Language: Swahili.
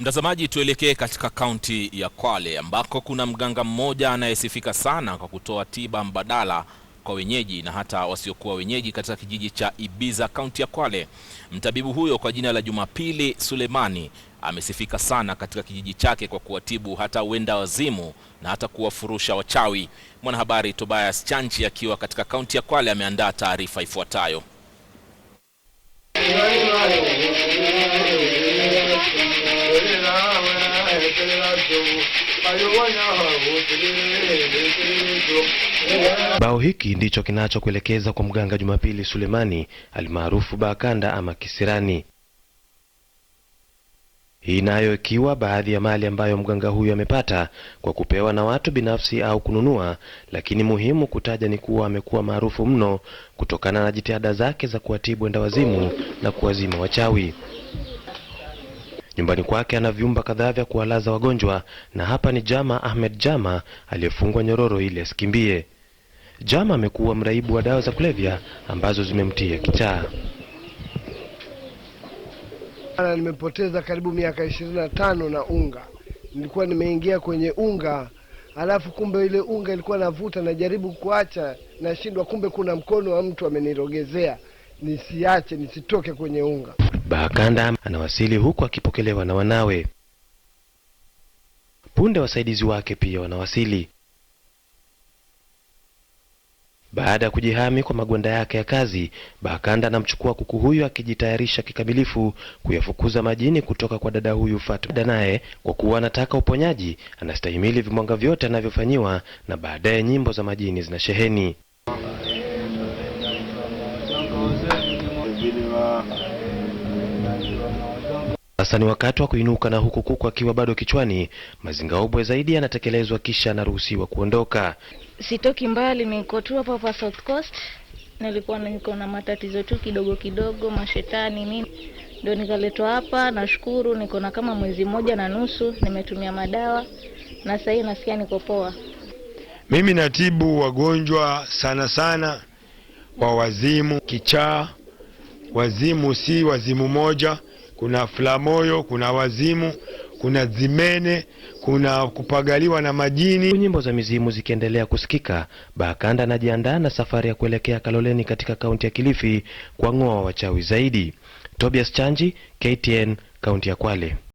Mtazamaji, tuelekee katika kaunti ya Kwale ambako kuna mganga mmoja anayesifika sana kwa kutoa tiba mbadala kwa wenyeji na hata wasiokuwa wenyeji katika kijiji cha Ibiza, kaunti ya Kwale. Mtabibu huyo kwa jina la Jumapili Sulemani amesifika sana katika kijiji chake kwa kuwatibu hata wenda wazimu na hata kuwafurusha wachawi. Mwanahabari Tobias Chanchi akiwa katika kaunti ya Kwale ameandaa taarifa ifuatayo. Bao hiki ndicho kinachokuelekeza kwa mganga Jumapili Sulemani almaarufu Bakanda ama kisirani, hii nayo ikiwa baadhi ya mali ambayo mganga huyu amepata kwa kupewa na watu binafsi au kununua, lakini muhimu kutaja ni kuwa amekuwa maarufu mno kutokana na jitihada zake za kuwatibu wazimu na kuwazima wachawi. Nyumbani kwake ana vyumba kadhaa vya kuwalaza wagonjwa, na hapa ni Jama Ahmed Jama aliyefungwa nyororo ili asikimbie. Jama amekuwa mraibu wa dawa za kulevya ambazo zimemtia kichaa. Nimepoteza karibu miaka ishirini na tano na unga. Nilikuwa nimeingia kwenye unga, alafu kumbe ile unga ilikuwa navuta, najaribu kuacha, nashindwa. Kumbe kuna mkono wa mtu amenirogezea nisiache, nisitoke kwenye unga. Bahakanda anawasili huku akipokelewa na wanawe. Punde wasaidizi wake pia wanawasili. Baada ya kujihami kwa magwanda yake ya kazi, Bahakanda anamchukua kuku huyu akijitayarisha kikamilifu kuyafukuza majini kutoka kwa dada huyu Fatma. Naye kwa kuwa anataka uponyaji, anastahimili vimwanga vyote anavyofanyiwa, na baadaye nyimbo za majini zinasheheni sasa ni wakati wa kuinuka na huku kuku akiwa bado kichwani, mazinga obwe zaidi yanatekelezwa kisha anaruhusiwa kuondoka. Sitoki mbali, niko tu hapa hapa South Coast. Nilikuwa niko na matatizo tu kidogo kidogo, mashetani nini, ndio nikaletwa hapa. Nashukuru niko na kama mwezi mmoja na nusu nimetumia madawa na sasa hivi nasikia niko poa. Mimi natibu wagonjwa sana sana wa wazimu, kichaa Wazimu si wazimu moja, kuna flamoyo, kuna wazimu, kuna zimene, kuna kupagaliwa na majini. Nyimbo za mizimu zikiendelea kusikika, Bakanda anajiandaa na safari ya kuelekea Kaloleni katika kaunti ya Kilifi kwa ng'oa wachawi zaidi. Tobias Chanji, KTN, kaunti ya Kwale.